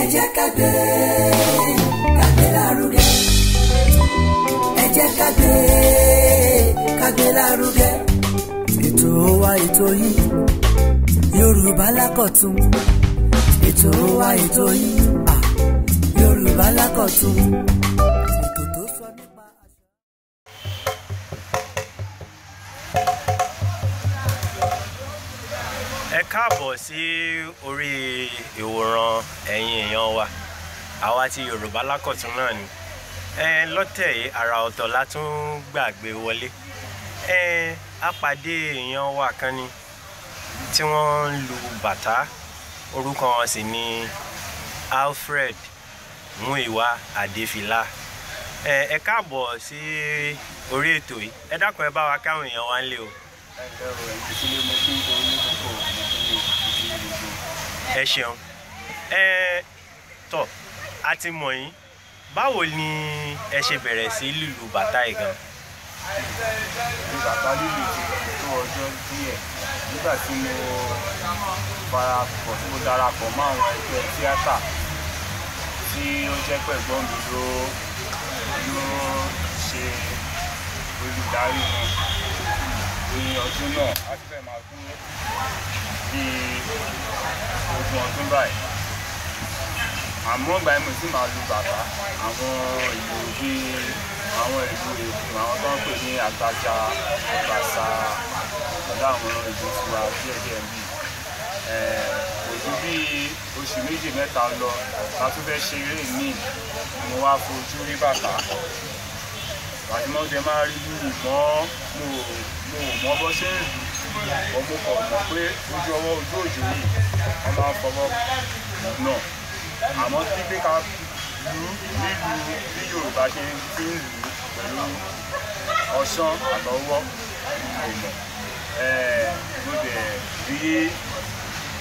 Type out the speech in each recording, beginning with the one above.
ẹ jẹ́ ká gbé ká gbé lárugẹ ẹ jẹ́ ká gbé ká gbé lárugẹ ètò wa ètò yìí Yorùbá lákọ̀tun ètò wa ètò yìí Yorùbá lákọ̀tun. ẹ káàbọ̀ sí orí ìwòran ẹ̀yin èèyàn wa àwa ti yorùbá lákọ̀tún náà ni lọ́tẹ̀ yìí àrà ọ̀tọ̀ la tún gbàgbé wọlé a èèyàn wa kan ni tí wọ́n ń lu bàtà orúkọ wọn sì ni Alfred Muiwa Adéfìlà ẹ káàbọ̀ sí orí ètò yìí ẹ dákun ẹ bá wa káwọn èèyàn wa ń lé o ẹ ṣeun ẹ tọ a ti mọ̀ yín báwo ni ẹ ṣe bẹ̀rẹ̀ sí lílu bàtà yìí gan. bàtà lílu ti tó ọjọ́ díẹ̀ nígbà tí mo farapọ̀ tí mo darapọ̀ mọ́ àwọn ẹgbẹ́ tíátà tí ó jẹ́ pẹ̀gbọ́n mi ló ló ṣe olùdarí wọn ní ọdún náà a ti fẹ́ máa fún bí ogún ọdún báyìí àmọ́ ìgbà yẹn mo sì máa lu bàbá àwọn ìlú bí àwọn ìlú èkó àwọn tó ń pè ní àgbájá àgbàsá ọ̀dà àwọn ìlú tiwa díẹ̀ díẹ̀ bí òjú bí oṣù méjì mẹ́ta lọ la tún fẹ́ ṣe eré míì mo wá fojú rí bàtà àti mọ́tẹ́ máa rí yìí mọ́ mo mọ bó ṣe ń lù ọmọ kọ mọ pé ojú ọwọ́ ojú òjò yìí wọ́n máa ń fọwọ́ nà àmọ́ títí ká lù lílu bí Yorùbá ṣe fi ń lù pẹ̀lú ọ̀sán àtọwọ́ ìmọ̀ mo dẹ̀ rí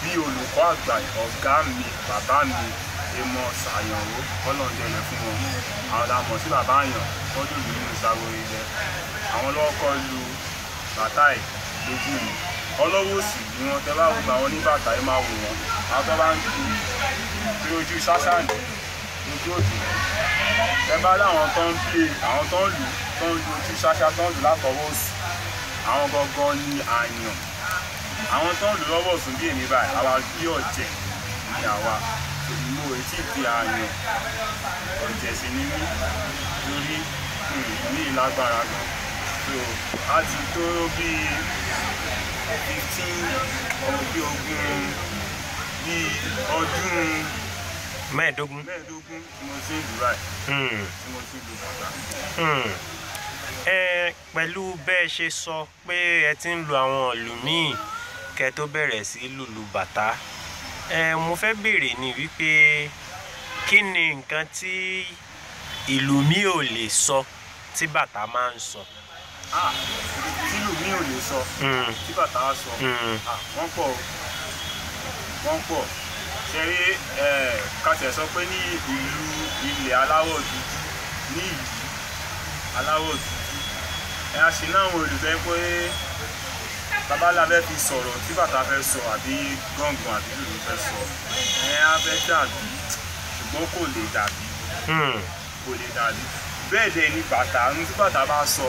bí olùkọ́ àgbà ọ̀gá mi bàbá mi èmọ̀ ṣàyànwó kọ́lọ̀ǹdẹ̀lẹ̀ fún wọn àwọn làmọ̀ sí bàbá àyàn tọ́jú ìlú nínú ìsàwọ̀ ilẹ̀ àwọn lọ́kọ́ lu bàtà ẹ̀ lójú mi ọlọ́wọ́ òsì ni wọ́n tẹ́ bá wù bá wọn ní bàtà ẹ̀ máa wù wọn àtọ́ bá ń tu pé ojú sásàǹdì ojú òjò ẹ bá láwọn tó ń pè àwọn tó ń lù tó ń lu ojú ṣáṣá tó ń lù látọwọ́ òsì àwọn gangan ni àyàn àwọn tó ń lù lọ́wọ́ òsùn bí èmi báyìí àwa bí ọ̀jẹ̀ ni àwa mo retí di àyàn ọ̀jẹ̀ sí ni mí torí mi ìlágbára gan so a ti tó bí fifteen ọ̀gbìn ogun bí ọdún mẹ́ẹ̀ẹ́dógún mẹ́ẹ̀ẹ́dógún tí mo ti ń lù báyìí hmm. tí hmm. ẹ pẹ̀lú bẹ́ ṣe sọ pé ẹ ti ń lu àwọn ìlú míì tó bẹ̀rẹ̀ sí lùlù bàtà ẹ mo fẹ́ béèrè ni wípé kí ni nǹkan tí ìlú mi ò lè sọ tí bàtà máa ń sọ. So Ah, tílù mi ò lè sọ hmm. tí bàtà á sọ hmm. ah, wọ́n pọ̀ wọ́n pọ̀ ṣe rí kàtẹ́ sọ pé ní ìlú ilẹ̀ aláwọ̀ dúdú ní ìlú aláwọ̀ dúdú ẹ̀ a ṣe náà àwọn olùfẹ́ pé babalá fẹ́ fi sọ̀rọ̀ tí bàtà fẹ́ sọ àbí gángan àbí lùlù fẹ́ sọ ẹ̀ a fẹ́ dàbí ṣùgbọ́n kò lè dàbí hmm. kò lè dàbí bẹ́ẹ̀ dẹ̀ ni bàtà ní tí bàtà bá sọ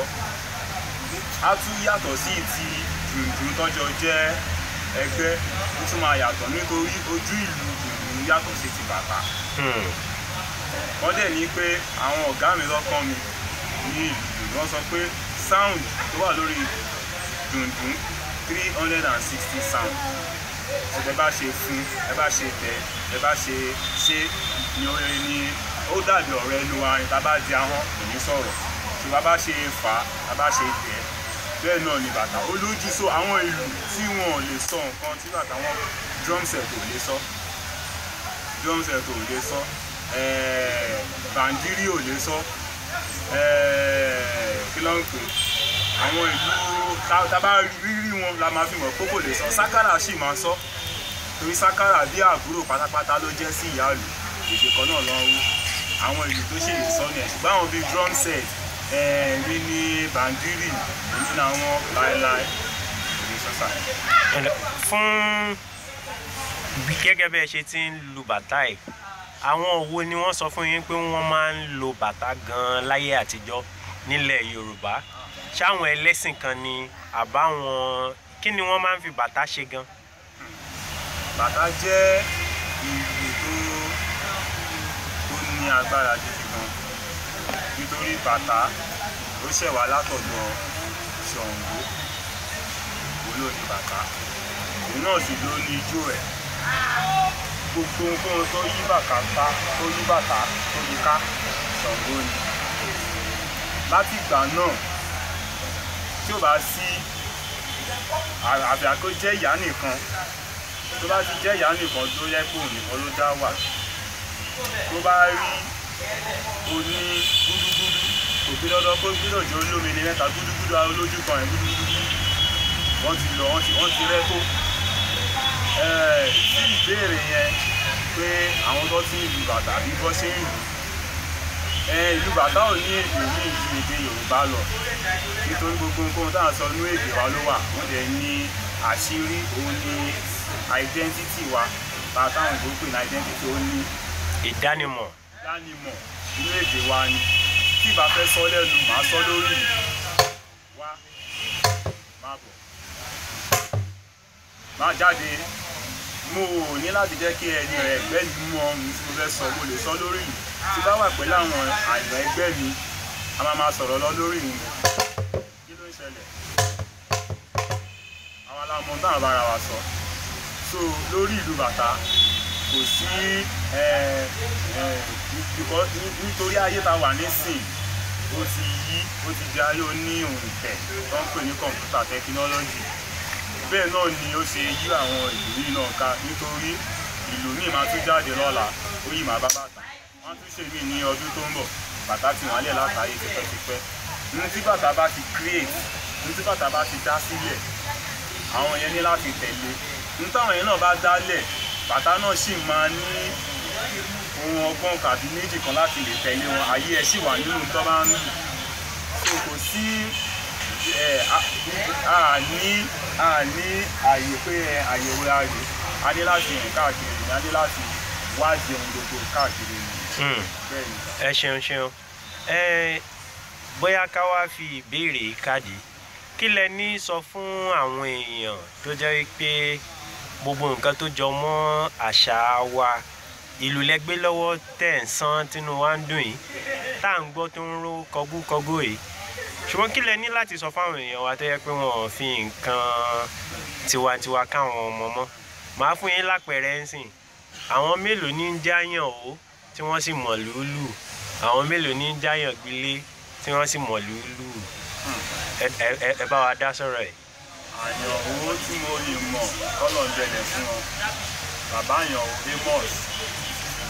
á tún yàtọ̀ sí ti dùndùn tọ́jọ́ jẹ́ ẹgbẹ́ ó tún máa yàtọ̀ nítorí ojú ìlú dùndùn yàtọ̀ sí ti bàtà. Hmm. wọ́n dẹ̀ ní pé àwọn ọ̀gá mi lọ́kàn mi ní ìlú wọ́n sọ pé sound tó wà lórí dùndùn three hundred and sixty sound ẹ bá ṣe fún ẹ bá ṣe tẹ ẹ bá ṣe ṣe ni ó rẹ ni ó dàbí ọ̀rọ̀ ẹnu wa ni tá a bá di ahọ́n kò sọ̀rọ̀ tí wàá bá ṣe fà á bá ṣe tẹ̀ bẹ́ẹ̀ náà ni bàtà ó lójú so àwọn ìlú tí wọn ò lè sọ nǹkan tí bàtà wọn drum set ò lè sọ drum set ò lè sọ eh, bàǹdírí ò lè sọ eh, kí ló ń pè àwọn ìlú tábà rírí wọn la máa fi mọ̀ pé kò lè sọ sákàrà sì máa sọ torí sákàrà bí àbúrò pátápátá ló jẹ́ sí ìyá ìlú èdè kan náà lọ́wọ́ àwọn ìlú tó ṣe lè sọ ni ẹ̀ ṣùgbọ́n àwọn bíi drum set èmi ni bàǹdírì èmi làwọn láéláé èmi sọ́sà. fún gẹ́gẹ́ bí ẹ ṣe ti ń lu bàtà yìí àwọn òwo ni wọ́n sọ fún yín pé wọ́n máa ń lo bàtà gan-an láyé àtijọ́ nílẹ̀ yorùbá ṣáwọn ẹlẹ́sìn kan ni àbáwọn kí ni wọ́n máa ń fi bàtà ṣe gan. bàtà jẹ́ ìlù tó ní agbára jù torí bàtà ó ṣẹ̀ wá látọ̀dọ̀ Ṣàngó olórí bàtà òun náà sì ló ní ijó ẹ̀ gbogbo nǹkan tó yí bàtà ká tó yí bàtà tó yí ká Ṣàngó ni láti ìgbà náà tí ó bá sí àbí àkó jẹ́ ìyá nìkan tó bá ti jẹ́ ìyá nìkan tó yẹ kó nìkan ló dá wà tó bá rí oní òbí lọ́dọ́ kó gbúdọ̀ jọ olómi ní mẹ́ta gúdúgúdú olójú kan ẹ̀ gúdúgúdú wọ́n ti lọ wọ́n ti rẹ́ tó sí ìbéèrè yẹn pé àwọn tó ti ìlú bàtà bí bọ́ ṣe ń ìlú bàtà ò ní èdè ní ìlú èdè Yorùbá lọ nítorí gbogbo nǹkan tá à ń sọ ní èdè wa ló wà wọ́n dẹ̀ ní àṣírí òun ní identity wa bá táwọn ìgbókùn ní identity ó ní ìdánimọ̀ ìdánimọ̀ ní èdè wa ni tí ìbá fẹ́ sọ lẹ́nu màá sọ lórí wá má bọ̀ má jáde mo ò ní láti jẹ́ kí ẹni ẹgbẹ́ mi mú ọrùn tí mo fẹ́ sọ mo lè sọ lórí mi tí bá wà pẹ̀lú àwọn àgbà ẹgbẹ́ mi a máa máa sọ̀rọ̀ lọ lórí mi kí ló ń ṣẹlẹ̀ àwọn aláàmọ́ táwọn bára wa sọ so lórí ìlú bàtà kò sí nítorí ayé ta wà nísìnyí ó ti yí ó ti di ayé oní òǹtẹ̀ tó ń pè ní kọ̀ǹpútà tẹkinọ́lọ́jì bẹ́ẹ̀ náà ni ó ṣe yí àwọn ìlú yìí náà ká nítorí ìlú míì máa tún jáde lọ́la ó yìí máa bá bàtà wọ́n tún ṣe mí ní ọdún tó ń bọ̀ bàtà ti wọ́n lẹ̀ látàáyé tipẹ́tipẹ́ ní tí bàtà bá ti create ní tí bàtà bá ti dá sílẹ̀ àwọn yẹn ní láti tẹ̀lé ní táwọn yẹn náà bá dálẹ̀ bàtà náà sì máa ní fún ọgbọ́n tàbí méjì kan láti lè tẹ̀lé wọn ayé ẹ̀ sì wà nínú tó bá ń so kò sí àní àní àyè pé àyèwò ààyè a ní láti rìn káàkiri a ní láti wádìí ohun gbogbo káàkiri hmm. ni. ẹ ṣeun ṣeun bóyá ká wá fi ìbéèrè káàdì kí lẹ ní sọ fún àwọn èèyàn tó jẹ́ pé gbogbo nǹkan tó jọ mọ́ àṣà wa ìlú lẹ́gbẹ́ lọ́wọ́ tẹ̀ ń san tínú wa ń dùn yìí tá à ń gbọ́ tó ń ró kọgúkọgú yìí ṣùgbọ́n kí lẹ ní láti sọ fáwọn èèyàn wa tó yẹ pé wọn ò fi nǹkan tiwantiwa káwọn ọmọ mọ́ màá fún yín lápẹẹrẹ ń sìn àwọn mélòó ní ń jáyàn o tí wọ́n sì mọ̀ lùlù àwọn mélòó ní ń jáyàn gbilé tí wọ́n sì mọ̀ lùlù ẹ bá wa dá sọ̀rọ̀ ẹ̀. àyàn owó tí mo lè mọ̀ kọ́lọ̀ ń fún ọ bàbá àyàn ò dé mọ́ọ̀sì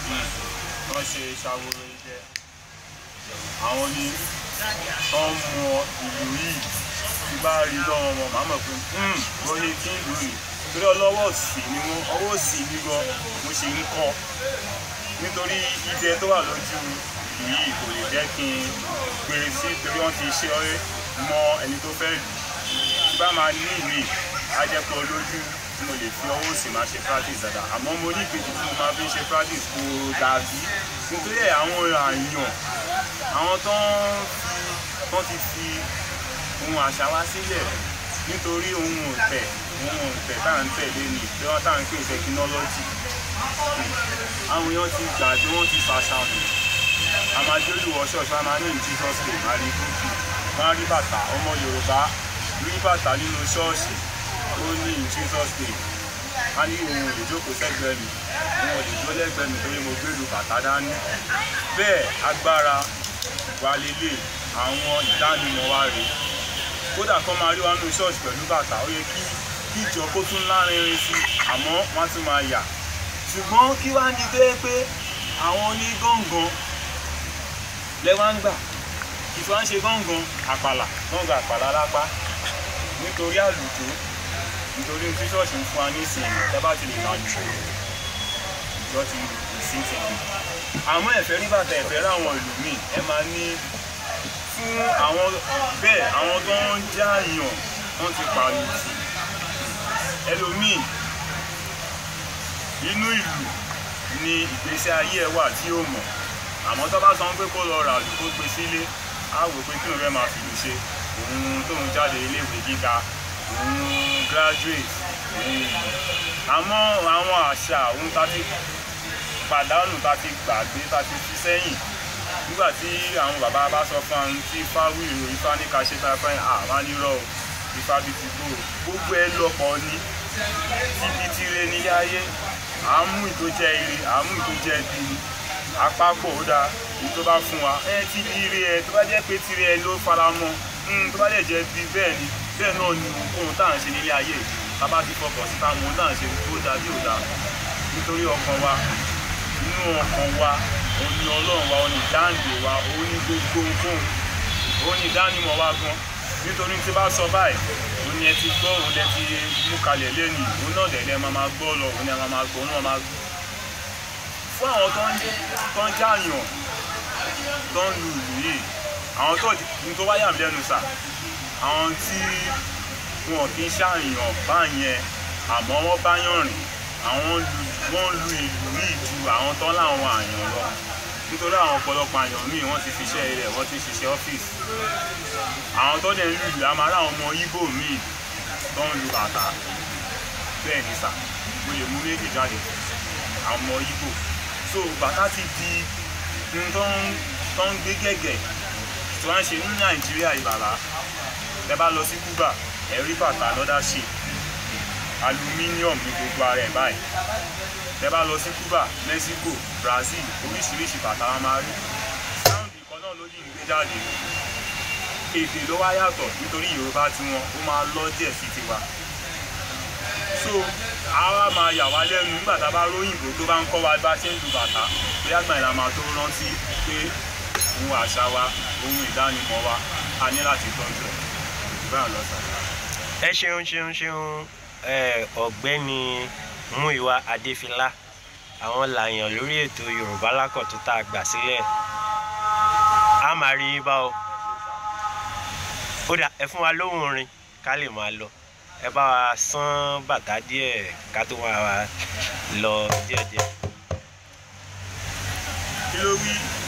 wọ́n ṣe ṣàwòrò ìjẹ àwọn ní tó ń ìlú yìí tí bá rí lọ́wọ́ wọn màá pé wọ́n hmm, ní kí ìlú yìí torí ọlọ́wọ́ òsì ni wọ́n ọwọ́ òsì mi gan mo ṣe ń kọ́ nítorí ìjẹ tó wà lójú yìí kò lè jẹ́ kí n gbé sí torí wọ́n ti ṣe mọ ẹni tó fẹ́ lù tí bá máa ní ìwé ajẹ́pọ̀ lójú fi ọwọ́ sì máa ṣe practice dáadáa àmọ́ mo ní ìpèjì tí mo máa fi ń ṣe practice kò dàbí nítorí àwọn àyàn àwọn tán ti fi ohun àṣà wá sílẹ̀ nítorí ohun ọ̀tẹ̀ ohun ọ̀tẹ̀ tá à ń tẹ̀lé ni tí wọ́n tá à ń pè tẹkinọ́lọ́jì àwọn èèyàn ti gbà tí wọ́n ti ṣàṣàmù àmàjọ́lùwọ̀ ṣọ́ọ̀ṣì máa ní Jesus name máa rí kúkú máa rí bàtà ọmọ Yorùbá rí bàtà nínú ṣọ́ọ̀ṣì ó ní Jesus name a ní òun ò lè jókòó sẹ́gbẹ̀ẹ́ mi òun ò lè dúró lẹ́gbẹ̀ẹ́ mi torí mo gbèrú bàtà dání bẹ́ẹ̀ agbára wa lélẹ̀ àwọn ìdánimọ̀ wa rè kódà kan máa rí wa nínú ṣọ́ọ̀ṣì pẹ̀lú bàtà ó yẹ kí kí ìjọ kó tún lárinrin sí àmọ́ wọ́n tún máa yà ṣùgbọ́n kí wá ní bẹ́ẹ̀ pé àwọn onígọ̀ngàn lẹ́wà ń gbà kì í tí wọ́n ń ṣe gọ̀ngàn àpàlà gọ̀ngàn àpàlà lápá nítorí àlùjò nítorí tí ṣọ́ọ̀ṣì ń fún wa ní ìsìn ìjọba ti lè ná jù ìjọ ti ìsìn ti lè àmọ́ ẹ̀fẹ́ rí bàtà ẹ̀fẹ́ ráwọn ìlú míì ẹ máa ní fún àwọn bẹ́ẹ̀ àwọn tó ń jáàyàn wọ́n ti pàlù sí ẹlòmíì inú ìlú ni ìgbésí ayé ẹ wà tí ó mọ̀ àmọ́ tó bá sọ pé kó lọ rà lù kó gbé sílé á wò pé kí òun fẹ́ máa fìlú ṣe òun tóun jáde iléèwé gíga òun graduate àmọ́ àwọn àṣà òun ta ti pàdánù ta ti gbàgbé ta ti fi sẹ́yìn nígbà tí àwọn bàbá bá sọ fún àwọn tí ifá wíìrò ifá ní ká ṣe tá a fẹ́ àwa nírọ̀ ifá bíi ti gbòòrò gbogbo ẹ lọ́pọ̀ ní ibi tire ní yáyé àmú ìtó jẹ́ ire àmú ìtó jẹ́ bíi àpapọ̀ ó dáa èyí tó bá fún wa ẹ ti rí ire ẹ tó bá jẹ́ pé tire ẹ ló fara mọ́ hmm, tó bá dẹ̀ jẹ́ bíi bẹ́ẹ̀ ni bẹ́ẹ̀ náà ni ohun tá à ń ṣe nílé ayé bàbá ti fọkàn sí táwọn ohun tá à ń ṣe tó dáa bí ò dáa nítorí ọkàn wa inú ọkàn wa òun ni ọlọ́run wa òun ni dáǹdè wa òun ni gbogbo ohun òun ni ìdánimọ̀ wa gan nítorí tí bá sọ báyìí òun ni ẹ ti gbọ́ òun lẹ ti mú kalẹ̀ lẹ́nu òun náà dẹ̀ lẹ́ máa máa gbọ́ lọ òun ni a máa gbọ́ òun náà máa gbọ́ fún àwọn tó ń jẹ́ tó ń jáàyàn tó ń lu ìlú yìí àwọn tó ní tó wáyà lẹ́nu sáà àwọn tí wọn kì í ṣàyàn báyẹn àmọ́ wọ́n bá yàn rìn àwọn wọ́n lu ìlú ní ìju àwọn tán láwọn àyàn lọ nítorí àwọn ọ̀pọ̀lọpọ̀ àyàn míì wọ́n ti ṣiṣẹ́ ilẹ̀ wọ́n ti ṣiṣẹ́ ọ́fíìsì àwọn tó dẹ̀ ń lu ìlú àmọ́ aráwọn ọmọ Ìgbò míì tó ń lu bàtà bẹ́ẹ̀ ni sà mo lè mú méjì jáde àwọn ọmọ Ìgbò so bàtà ti di ohun tó ń gbé gẹ̀gẹ̀ tí wọ́n ń ṣe ní Nàìjíríà ìbàbà tẹ bá lọ sí Cuba ẹ rí bàtà lọ́dà ṣe aluminium ní gbogbo ara ẹ̀ báyìí tẹ bá lọ sí Cuba Mexico Brazil oríṣiríṣi bàtà wọn máa rí sound ìkan náà ló yí ìgbé jáde èdè ló wá yàtọ̀ nítorí Yorùbá tiwọn ó máa lọ díẹ̀ sí tiwa so àwa máa yà wá lẹ́nu nígbà tá a bá róyìnbó tó bá ń kọ́ wa bá ṣe ń lu bàtà bí àgbà ìlànà tó rántí pé ohun àṣà wa ohun ìdánimọ̀ wa a ní láti tọ́jú ẹ̀ brown lọ sàn. ẹ ṣeun ṣeun ṣeun ọ̀gbẹ́ni Múyìwá Adéfilá àwọn làyàn lórí ètò Yorùbá Lákọ̀tun tá a gbà sílẹ̀ a máa rí yín bá o ó dà ẹ fún wa lóhùn orin ká lè máa lọ ẹ bá wa sán bàtà díẹ̀ ká tó máa lọ díẹ̀díẹ̀. kí ló wí.